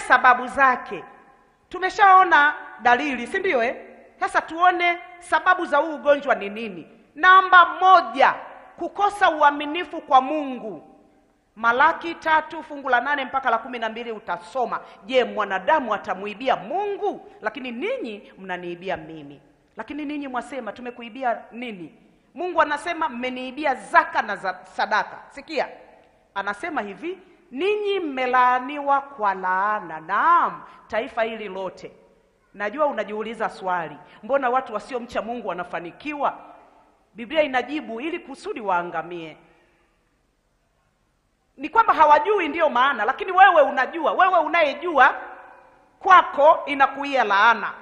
tuone sababu zake. Tumeshaona dalili, si ndio eh? Sasa tuone sababu za huu ugonjwa ni nini. Namba moja, kukosa uaminifu kwa Mungu. Malaki tatu fungu la nane mpaka la kumi na mbili utasoma, je, mwanadamu atamwibia Mungu? Lakini ninyi mnaniibia mimi. Lakini ninyi mwasema tumekuibia nini? Mungu anasema mmeniibia zaka na za sadaka. Sikia, anasema hivi ninyi mmelaaniwa kwa laana, naam, taifa hili lote. Najua unajiuliza swali, mbona watu wasiomcha Mungu wanafanikiwa? Biblia inajibu ili kusudi waangamie. Ni kwamba hawajui, ndiyo maana. Lakini wewe unajua, wewe unayejua kwako inakuia laana.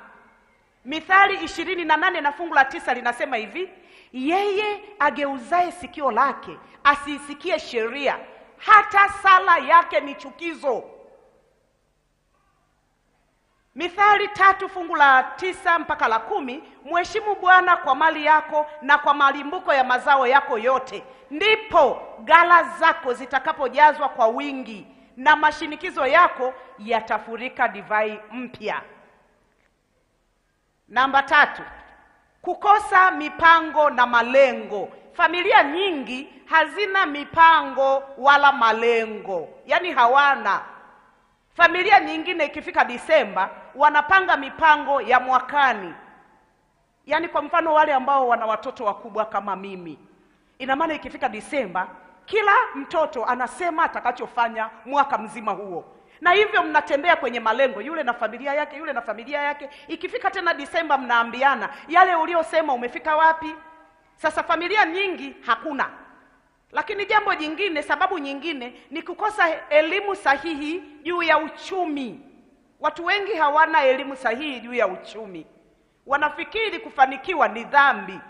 Mithali ishirini na nane na fungu la tisa linasema hivi, yeye ageuzaye sikio lake asiisikie sheria hata sala yake ni chukizo. Mithali tatu fungu la tisa mpaka la kumi mheshimu Bwana kwa mali yako na kwa malimbuko ya mazao yako yote, ndipo gala zako zitakapojazwa kwa wingi na mashinikizo yako yatafurika divai mpya. Namba tatu, kukosa mipango na malengo familia nyingi hazina mipango wala malengo, yaani hawana. Familia nyingine ikifika Disemba wanapanga mipango ya mwakani, yaani kwa mfano wale ambao wana watoto wakubwa kama mimi, ina maana ikifika Disemba kila mtoto anasema atakachofanya mwaka mzima huo, na hivyo mnatembea kwenye malengo, yule na familia yake, yule na familia yake. Ikifika tena Disemba mnaambiana yale uliosema, umefika wapi? Sasa familia nyingi hakuna. Lakini jambo jingine, sababu nyingine ni kukosa elimu sahihi juu ya uchumi. Watu wengi hawana elimu sahihi juu ya uchumi, wanafikiri kufanikiwa ni dhambi.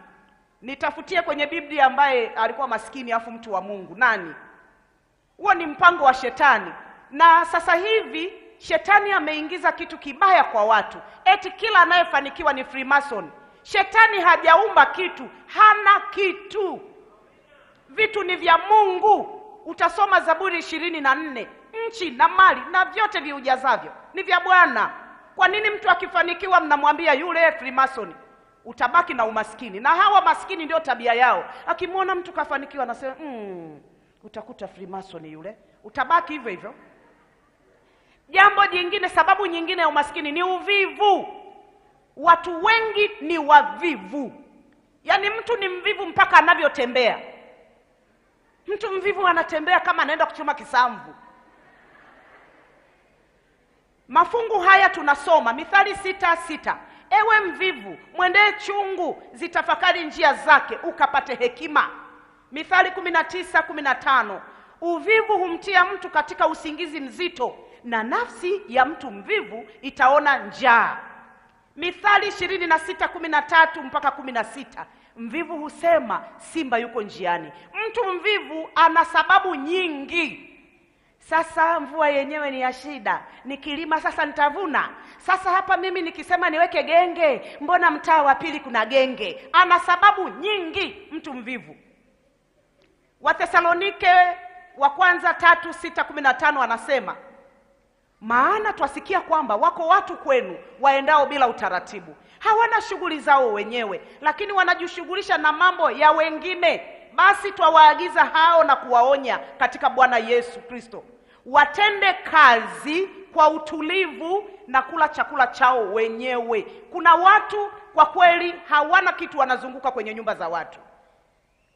Nitafutie kwenye Biblia ambaye alikuwa maskini afu mtu wa Mungu nani? Huo ni mpango wa shetani, na sasa hivi shetani ameingiza kitu kibaya kwa watu, eti kila anayefanikiwa ni Freemason. Shetani hajaumba kitu, hana kitu. Vitu ni vya Mungu. Utasoma Zaburi ishirini na nne, nchi na mali na vyote viujazavyo ni vya Bwana. Kwa nini mtu akifanikiwa mnamwambia yule Freemason? Utabaki na umaskini, na hawa maskini ndio tabia yao. Akimwona mtu kafanikiwa anasema mm, utakuta Freemason yule, utabaki hivyo hivyo. Jambo jingine, sababu nyingine ya umaskini ni uvivu. Watu wengi ni wavivu, yaani mtu ni mvivu mpaka anavyotembea. Mtu mvivu anatembea kama anaenda kuchuma kisamvu. Mafungu haya tunasoma Mithali sita sita, ewe mvivu mwendee chungu, zitafakari njia zake ukapate hekima. Mithali kumi na tisa kumi na tano, uvivu humtia mtu katika usingizi mzito, na nafsi ya mtu mvivu itaona njaa. Mithali ishirini na sita kumi na tatu mpaka kumi na sita mvivu husema simba yuko njiani. Mtu mvivu ana sababu nyingi. Sasa mvua yenyewe ni ya shida, nikilima sasa nitavuna. Sasa hapa mimi nikisema niweke genge, mbona mtaa wa pili kuna genge? Ana sababu nyingi mtu mvivu. Wathesalonike wa kwanza tatu sita kumi na tano anasema maana twasikia kwamba wako watu kwenu waendao bila utaratibu, hawana shughuli zao wenyewe, lakini wanajishughulisha na mambo ya wengine. Basi twawaagiza hao na kuwaonya katika Bwana Yesu Kristo, watende kazi kwa utulivu na kula chakula chao wenyewe. Kuna watu kwa kweli hawana kitu, wanazunguka kwenye nyumba za watu.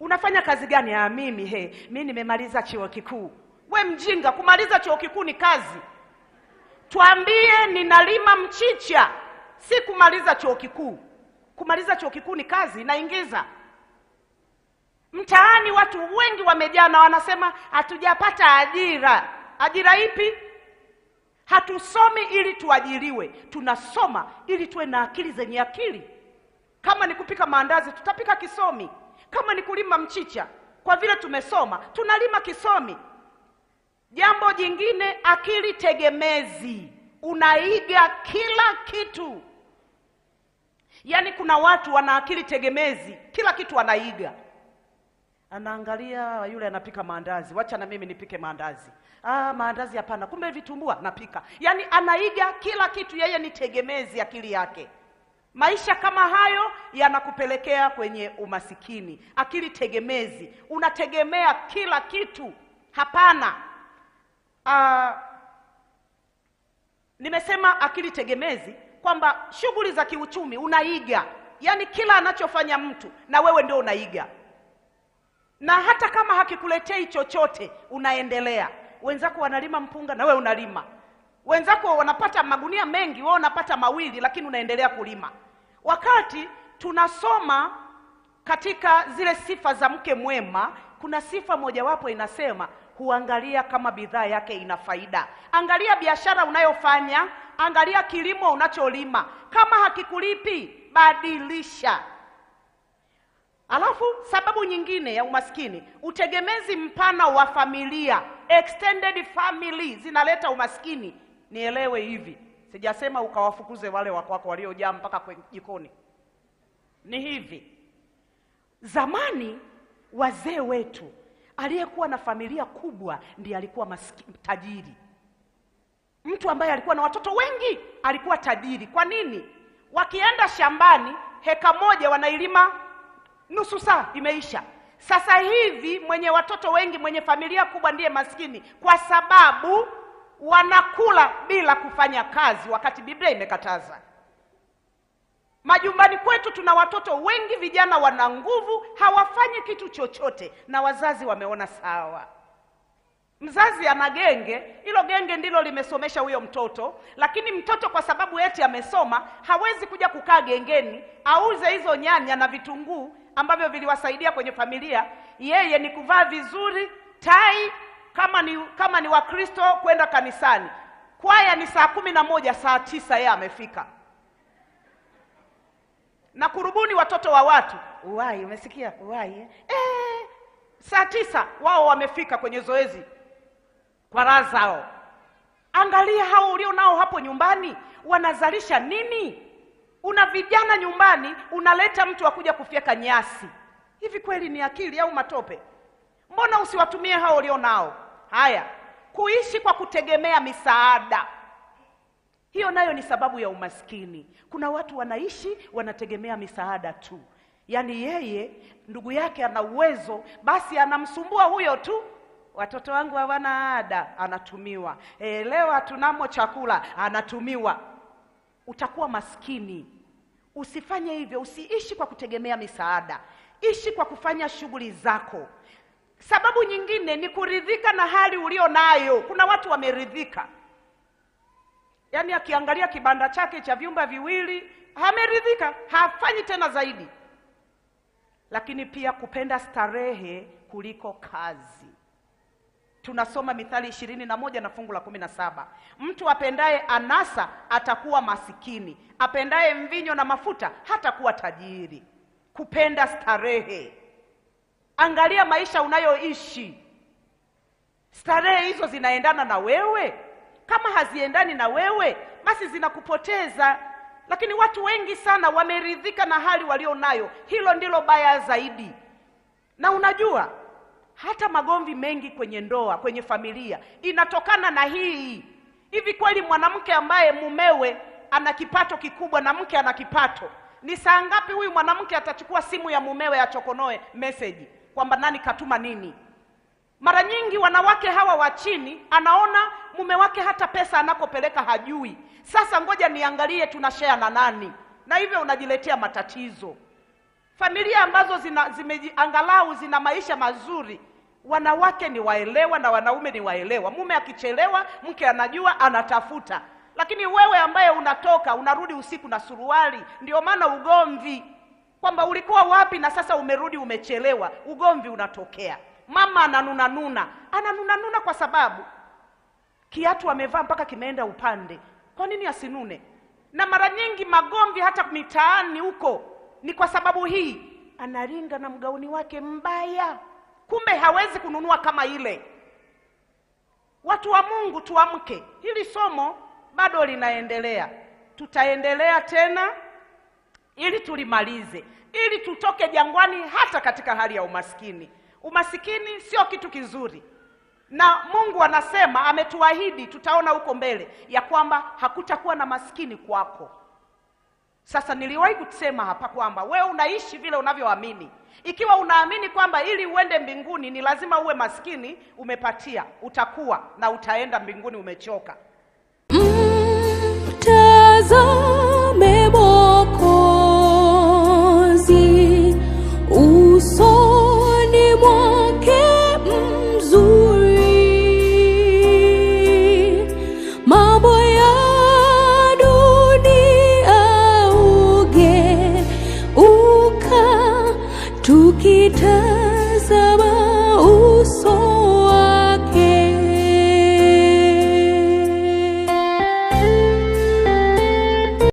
Unafanya kazi gani? Ah, mimi he, mimi nimemaliza chuo kikuu. We mjinga, kumaliza chuo kikuu ni kazi Twambie, ninalima mchicha, si kumaliza chuo kikuu. Kumaliza chuo kikuu ni kazi, naingiza mtaani. Watu wengi wamejaa na wanasema hatujapata ajira. Ajira ipi? Hatusomi ili tuajiriwe, tunasoma ili tuwe na akili zenye akili. Kama ni kupika maandazi, tutapika kisomi. Kama ni kulima mchicha, kwa vile tumesoma, tunalima kisomi. Jambo jingine, akili tegemezi, unaiga kila kitu. Yaani kuna watu wana akili tegemezi, kila kitu anaiga. Anaangalia yule anapika maandazi, wacha na mimi nipike maandazi. Ah, maandazi hapana, kumbe vitumbua napika. Yaani anaiga kila kitu, yeye ni tegemezi akili yake. Maisha kama hayo yanakupelekea kwenye umasikini. Akili tegemezi, unategemea kila kitu. Hapana uh, nimesema akili tegemezi kwamba shughuli za kiuchumi unaiga, yaani kila anachofanya mtu na wewe ndio unaiga, na hata kama hakikuletei chochote unaendelea. Wenzako wanalima mpunga na wewe unalima, wenzako wanapata magunia mengi, wewe unapata mawili, lakini unaendelea kulima. Wakati tunasoma katika zile sifa za mke mwema, kuna sifa mojawapo inasema huangalia kama bidhaa yake ina faida. Angalia biashara unayofanya, angalia kilimo unacholima. Kama hakikulipi, badilisha. Alafu sababu nyingine ya umaskini, utegemezi mpana wa familia, extended family zinaleta umaskini. Nielewe hivi, sijasema ukawafukuze wale wakwako waliojaa mpaka kwenye jikoni. Ni hivi, zamani wazee wetu Aliyekuwa na familia kubwa ndiye alikuwa maskini, tajiri. Mtu ambaye alikuwa na watoto wengi alikuwa tajiri. Kwa nini? Wakienda shambani, heka moja wanailima nusu saa, imeisha. Sasa hivi mwenye watoto wengi, mwenye familia kubwa ndiye maskini, kwa sababu wanakula bila kufanya kazi, wakati Biblia imekataza. Majumbani kwetu tuna watoto wengi, vijana wana nguvu, hawafanyi kitu chochote, na wazazi wameona sawa. Mzazi ana genge, hilo genge ndilo limesomesha huyo mtoto, lakini mtoto kwa sababu eti amesoma hawezi kuja kukaa gengeni auze hizo nyanya na vitunguu ambavyo viliwasaidia kwenye familia. Yeye ni kuvaa vizuri, tai kama ni kama ni Wakristo, kwenda kanisani, kwaya ni saa kumi na moja, saa tisa yeye amefika na kurubuni watoto wa watu uwai, umesikia uwai eh? Eh, saa tisa wao wamefika kwenye zoezi kwa raha zao. Angalia hao ulio nao hapo nyumbani wanazalisha nini? Una vijana nyumbani, unaleta mtu akuja kufyeka nyasi. Hivi kweli ni akili au matope? Mbona usiwatumie hao ulio nao? Haya, kuishi kwa kutegemea misaada hiyo nayo ni sababu ya umaskini. Kuna watu wanaishi wanategemea misaada tu, yaani yeye ndugu yake ana uwezo, basi anamsumbua huyo tu watoto wangu hawana ada, anatumiwa. E, leo hatunamo chakula, anatumiwa. Utakuwa maskini. Usifanye hivyo, usiishi kwa kutegemea misaada, ishi kwa kufanya shughuli zako. Sababu nyingine ni kuridhika na hali ulio nayo. Kuna watu wameridhika yaani akiangalia kibanda chake cha vyumba viwili ameridhika, hafanyi tena zaidi. Lakini pia kupenda starehe kuliko kazi. Tunasoma Mithali ishirini na moja na fungu la kumi na saba mtu apendaye anasa atakuwa masikini, apendaye mvinyo na mafuta hatakuwa tajiri. Kupenda starehe, angalia maisha unayoishi, starehe hizo zinaendana na wewe? kama haziendani na wewe basi zinakupoteza lakini watu wengi sana wameridhika na hali walio nayo hilo ndilo baya zaidi na unajua hata magomvi mengi kwenye ndoa kwenye familia inatokana na hii hivi kweli mwanamke ambaye mumewe ana kipato kikubwa na mke ana kipato ni saa ngapi huyu mwanamke atachukua simu ya mumewe achokonoe meseji kwamba nani katuma nini mara nyingi wanawake hawa wa chini anaona mume wake hata pesa anakopeleka hajui sasa ngoja niangalie tunashea na nani na hivyo unajiletea matatizo familia ambazo zina, zime, angalau zina maisha mazuri wanawake ni waelewa na wanaume ni waelewa mume akichelewa mke anajua anatafuta lakini wewe ambaye unatoka unarudi usiku na suruali ndio maana ugomvi kwamba ulikuwa wapi na sasa umerudi umechelewa ugomvi unatokea mama ananuna nuna, ananuna nuna kwa sababu kiatu amevaa mpaka kimeenda upande. Kwa nini asinune? Na mara nyingi magomvi hata mitaani huko ni kwa sababu hii, analinga na mgauni wake mbaya, kumbe hawezi kununua kama ile. Watu wa Mungu, tuamke. Hili somo bado linaendelea, tutaendelea tena ili tulimalize, ili tutoke jangwani hata katika hali ya umaskini. Umasikini sio kitu kizuri, na Mungu anasema ametuahidi, tutaona huko mbele ya kwamba hakutakuwa na maskini kwako. Sasa niliwahi kusema hapa kwamba wewe unaishi vile unavyoamini. Ikiwa unaamini kwamba ili uende mbinguni ni lazima uwe maskini, umepatia, utakuwa na utaenda mbinguni umechoka. Mtazame